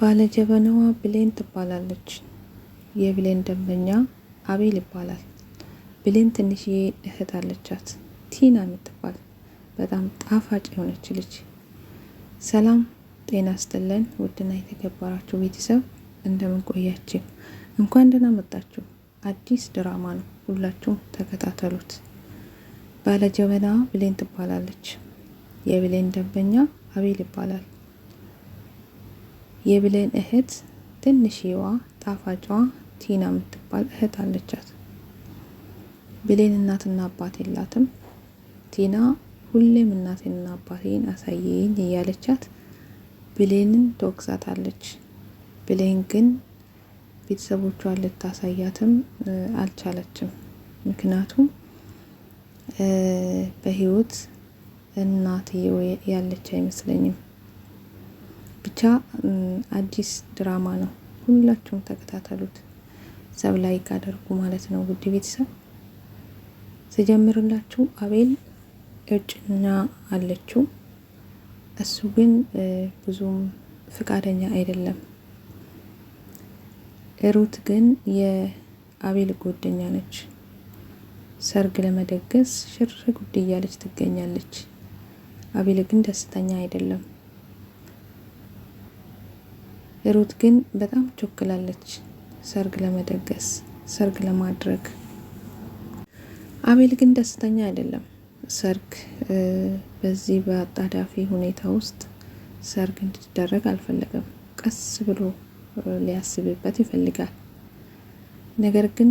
ባለጀበናዋ ብሌን ትባላለች። የብሌን ደንበኛ አቤል ይባላል። ብሌን ትንሽዬ እህት አለቻት ቲና የምትባል በጣም ጣፋጭ የሆነች ልጅ። ሰላም ጤና ስጥልን ውድና የተከበራችሁ ቤተሰብ እንደምን እንኳን ደህና መጣችሁ። አዲስ ድራማ ነው፣ ሁላችሁም ተከታተሉት። ባለጀበናዋ ብሌን ትባላለች። የብሌን ደንበኛ አቤል ይባላል። የብሌን እህት ትንሽዋ ጣፋጯ ቲና የምትባል እህት አለቻት። ብሌን እናትና አባት የላትም። ቲና ሁሌም እናቴንና አባቴን አሳየኝ እያለቻት ብሌንን ትወቅሳታለች። ብሌን ግን ቤተሰቦቿን ልታሳያትም አልቻለችም። ምክንያቱም በህይወት እናትየው ያለች አይመስለኝም። ብቻ አዲስ ድራማ ነው። ሁላችሁም ተከታተሉት ሰብ ላይክ አድርጉ ማለት ነው። ውድ ቤተሰብ ስጀምርላችሁ አቤል እርጭና አለችው። እሱ ግን ብዙም ፍቃደኛ አይደለም። እሩት ግን የአቤል ጓደኛ ነች። ሰርግ ለመደገስ ሽር ጉድ እያለች ትገኛለች። አቤል ግን ደስተኛ አይደለም። ሩት ግን በጣም ቾክላለች። ሰርግ ለመደገስ ሰርግ ለማድረግ አቤል ግን ደስተኛ አይደለም። ሰርግ በዚህ በአጣዳፊ ሁኔታ ውስጥ ሰርግ እንዲደረግ አልፈለገም። ቀስ ብሎ ሊያስብበት ይፈልጋል። ነገር ግን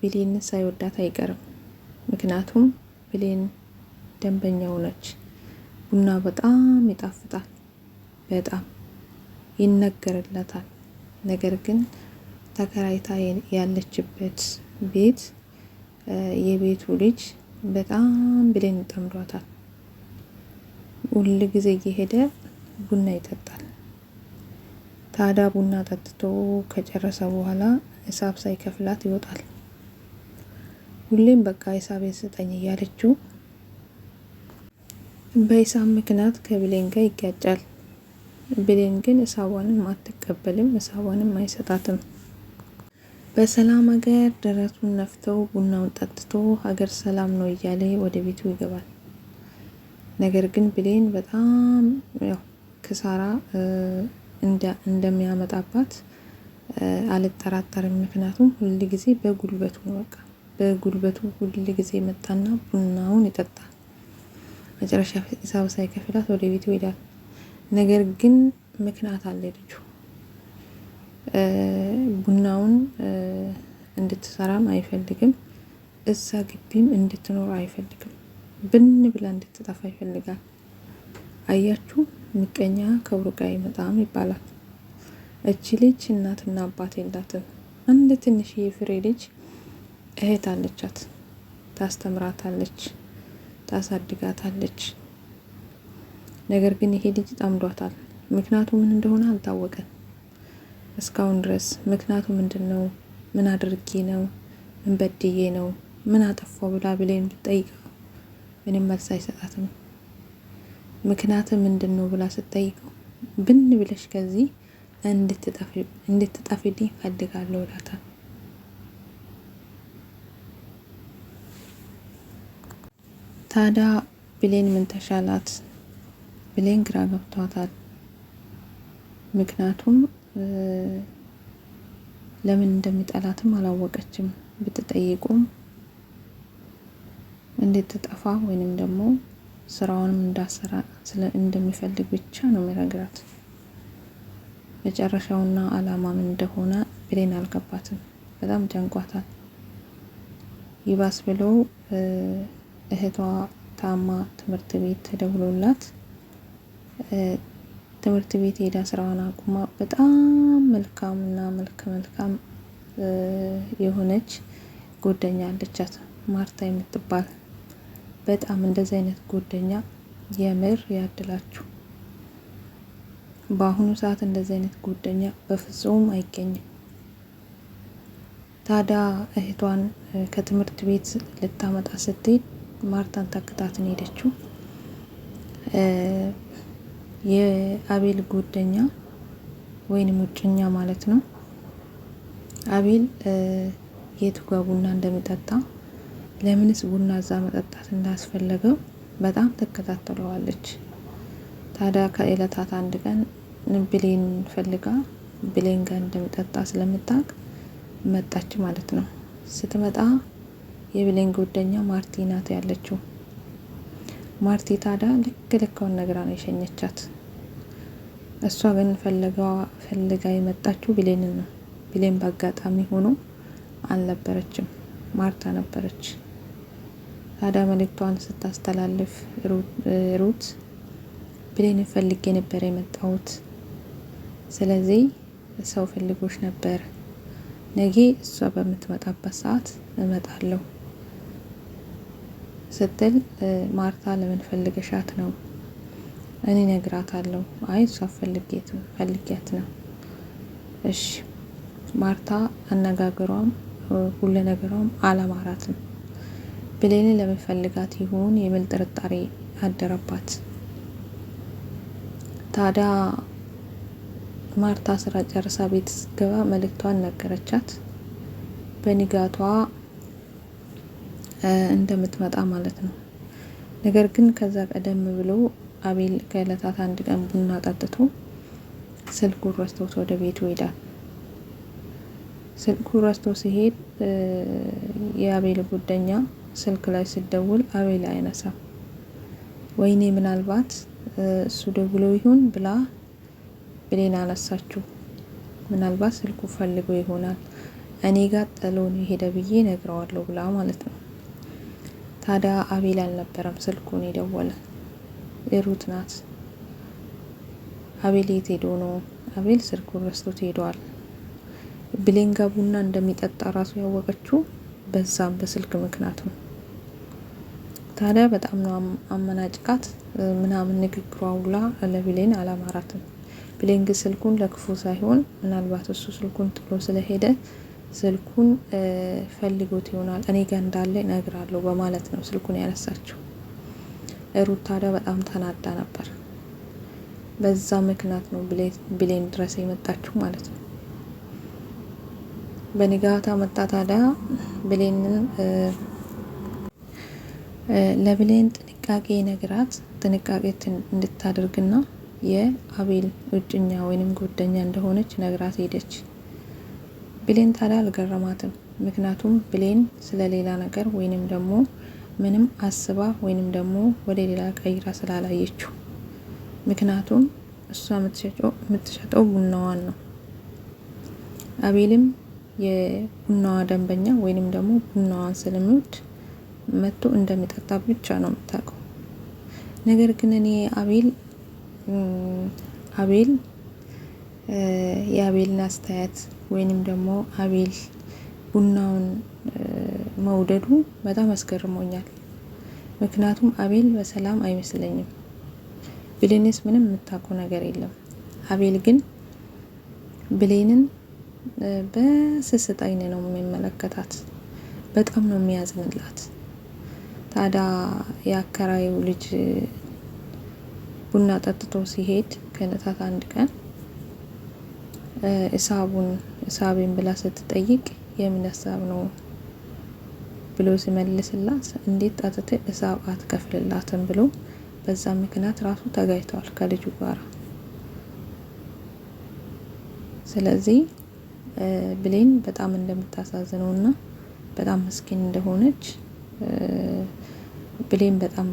ቢሊን ሳይወዳት አይቀርም። ምክንያቱም ቢሊን ደንበኛው ነች። ቡና በጣም ይጣፍጣል፣ በጣም ይነገርለታል። ነገር ግን ተከራይታ ያለችበት ቤት የቤቱ ልጅ በጣም ብሌን ጠምዷታል። ሁል ጊዜ እየሄደ ቡና ይጠጣል። ታዲያ ቡና ጠጥቶ ከጨረሰ በኋላ ሂሳብ ሳይከፍላት ይወጣል። ሁሌም በቃ ሂሳብ ስጠኝ እያለችው በሂሳብ ምክንያት ከብሌን ጋር ይጋጫል። ብሌን ግን እሳቧንም አትቀበልም፣ እሳቧንም አይሰጣትም። በሰላም ሀገር ደረቱን ነፍተው ቡናውን ጠጥቶ ሀገር ሰላም ነው እያለ ወደ ቤቱ ይገባል። ነገር ግን ብሌን በጣም ያው ክሳራ እንደሚያመጣባት አልጠራጠርም። ምክንያቱም ሁል ጊዜ በጉልበቱ ነው በቃ በጉልበቱ ሁል ጊዜ መጣና ቡናውን ይጠጣል። መጨረሻ ሂሳብ ሳይከፍላት ወደ ቤቱ ይሄዳል። ነገር ግን ምክንያት አለ ልጁ ቡናውን እንድትሰራም አይፈልግም። እዛ ግቢም እንድትኖር አይፈልግም። ብን ብላ እንድትጠፋ ይፈልጋል። አያችሁ፣ ምቀኛ ከብሩ ጋር ይመጣም ይባላል። እቺ ልጅ እናትና አባት የላትም። አንድ ትንሽዬ ፍሬ ልጅ እህት አለቻት። ታስተምራታለች፣ ታሳድጋታለች። ነገር ግን ይሄ ልጅ ጠምዷታል። ምክንያቱ ምን እንደሆነ አልታወቀም እስካሁን ድረስ። ምክንያቱ ምንድን ነው? ምን አድርጌ ነው? ምን በድዬ ነው? ምን አጠፋው ብላ ብሌን ብትጠይቀው ምንም መልስ አይሰጣትም። ምክንያት ምንድን ነው ብላ ስትጠይቀው ብን ብለሽ ከዚህ እንድትጠፊልኝ ፈልጋለሁ እላታል። ታዲያ ብሌን ምን ተሻላት? ብሌን ግራ ገብቷታል። ምክንያቱም ለምን እንደሚጠላትም አላወቀችም። ብትጠይቁም እንዴት ትጠፋ ወይንም ደግሞ ስራውንም እንዳሰራ እንደሚፈልግ ብቻ ነው የሚነግራት። መጨረሻውና አላማ ምን እንደሆነ ብሌን አልገባትም። በጣም ጨንቋታል። ይባስ ብሎ እህቷ ታማ ትምህርት ቤት ተደውሎላት ትምህርት ቤት ሄዳ ስራዋን አቁማ በጣም መልካምና መልክ መልካም የሆነች ጎደኛ አለቻት ማርታ የምትባል። በጣም እንደዚህ አይነት ጎደኛ የምር ያድላችሁ። በአሁኑ ሰዓት እንደዚህ አይነት ጎደኛ በፍጹም አይገኝም። ታዲያ እህቷን ከትምህርት ቤት ልታመጣ ስትሄድ ማርታን ታክታትን ሄደችው። የአቤል ጓደኛ ወይንም እጮኛ ማለት ነው። አቤል የት ጋ ቡና እንደሚጠጣ ለምንስ ቡና እዛ መጠጣት እንዳስፈለገው በጣም ትከታተለዋለች። ታዲያ ከእለታት አንድ ቀን ብሌን ፈልጋ ብሌን ጋር እንደሚጠጣ ስለምታቅ መጣች ማለት ነው። ስትመጣ የብሌን ጓደኛ ማርቲ ናት ያለችው። ማርቲ ታዳ ልክ ልካውን ነግራ ነው የሸኘቻት። እሷ ግን ፈልጋ የመጣችው ብሌን ነው። ብሌን በአጋጣሚ ሆኖ አልነበረችም፣ ማርታ ነበረች። ታዲያ መልእክቷን ስታስተላልፍ ሩት ብሌንን ፈልጌ ነበር የመጣሁት፣ ስለዚህ ሰው ፈልጎች ነበር፣ ነገ እሷ በምትመጣበት ሰዓት እመጣለሁ ስትል ማርታ ለምን ፈልገሻት ነው? እኔ ነግራታለሁ። አይ እሷ ፈልጌት ነው። እሺ ማርታ አነጋገሯም ሁለ ነገሯም አላማራትም። ብሌንን ለምን ፈልጋት ይሆን የሚል ጥርጣሬ አደረባት። ታዲያ ማርታ ስራ ጨርሳ ቤት ስትገባ መልእክቷን ነገረቻት። በንጋቷ እንደምትመጣ ማለት ነው። ነገር ግን ከዛ ቀደም ብሎ አቤል ከእለታት አንድ ቀን ቡና ጠጥቶ ስልኩ ረስቶት ወደ ቤቱ ይሄዳል። ስልኩ ረስቶ ሲሄድ የአቤል ጉደኛ ስልክ ላይ ስደውል አቤል አይነሳም። ወይኔ ምናልባት እሱ ደውሎ ይሆን ብላ ብሌን አነሳችሁ። ምናልባት ስልኩ ፈልጎ ይሆናል እኔ ጋር ጥሎ ሄደ የሄደ ብዬ ነግረዋለሁ ብላ ማለት ነው። ታዲያ አቤል አልነበረም ስልኩን የደወለ ሩት ናት። አቤል የት ሄዶ ነው? አቤል ስልኩን ረስቶት ሄደዋል። ብሌንጋ ቡና እንደሚጠጣ ራሱ ያወቀችው በዛም በስልክ ምክንያት ነው። ታዲያ በጣም ነው አመናጭቃት ምናምን ንግግሯ ውላ ለብሌን አላማራትም። ብሌንግ ስልኩን ለክፉ ሳይሆን ምናልባት እሱ ስልኩን ጥሎ ስለሄደ ስልኩን ፈልጎት ይሆናል እኔ ጋር እንዳለ እነግራለሁ በማለት ነው ስልኩን ያነሳችው። ሩት ታዲያ በጣም ተናዳ ነበር። በዛ ምክንያት ነው ብሌን ድረስ የመጣችሁ ማለት ነው። በንጋታ መጣ ታዲያ ብሌንን ለብሌን ጥንቃቄ ነግራት ጥንቃቄ እንድታደርግና የአቤል እጮኛ ወይንም ጓደኛ እንደሆነች ነግራት ሄደች። ብሌን ታዲያ አልገረማትም። ምክንያቱም ብሌን ስለሌላ ነገር ወይንም ደግሞ ምንም አስባ ወይንም ደግሞ ወደ ሌላ ቀይራ ስላላየችው፣ ምክንያቱም እሷ የምትሸጠው ቡናዋን ነው። አቤልም የቡናዋ ደንበኛ ወይንም ደግሞ ቡናዋን ስለሚወድ መጥቶ እንደሚጠጣ ብቻ ነው የምታውቀው። ነገር ግን እኔ አቤል አቤል የአቤልን አስተያየት ወይንም ደግሞ አቤል ቡናውን መውደዱ በጣም አስገርሞኛል። ምክንያቱም አቤል በሰላም አይመስለኝም። ብሌንስ ምንም የምታውቀው ነገር የለም። አቤል ግን ብሌንን በስስት አይን ነው የሚመለከታት። በጣም ነው የሚያዝንላት። ታዲያ የአከራዩ ልጅ ቡና ጠጥቶ ሲሄድ ከነታት አንድ ቀን እሳቡን ሳቤን ብላ ስትጠይቅ የምን ሀሳብ ነው ብሎ ሲመልስላት እንዴት ጣትት እሳብ አትከፍልላትም ብሎ በዛ ምክንያት ራሱ ተጋይቷል ከልጁ ጋር። ስለዚህ ብሌን በጣም እንደምታሳዝነው እና በጣም ምስኪን እንደሆነች ብሌን በጣም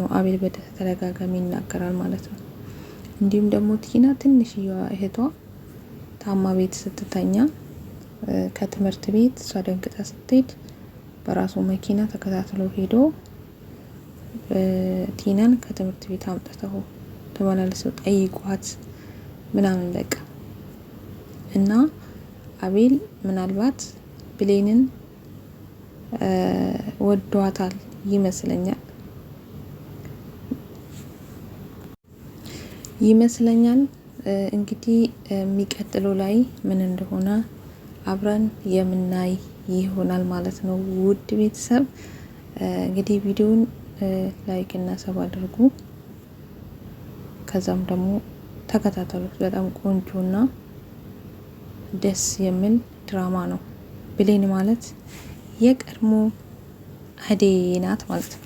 ነው አቤል በተደጋጋሚ ይናገራል ማለት ነው። እንዲሁም ደግሞ ቲና ትንሽዬዋ እህቷ ታማ ቤት ስትተኛ ከትምህርት ቤት እሷ ደንግጣ ስትሄድ በራሱ መኪና ተከታትሎ ሄዶ ቲናን ከትምህርት ቤት አምጥተው ተመላልሰው ጠይቋት ምናምን በቃ እና አቤል ምናልባት ብሌንን ወዷታል ይመስለኛል ይመስለኛል እንግዲህ የሚቀጥለው ላይ ምን እንደሆነ አብረን የምናይ ይሆናል ማለት ነው። ውድ ቤተሰብ እንግዲህ ቪዲዮውን ላይክ እና ሰብ አድርጉ። ከዛም ደግሞ ተከታተሉት። በጣም ቆንጆ እና ደስ የሚል ድራማ ነው። ብሌን ማለት የቀድሞ አደይ ናት ማለት ነው።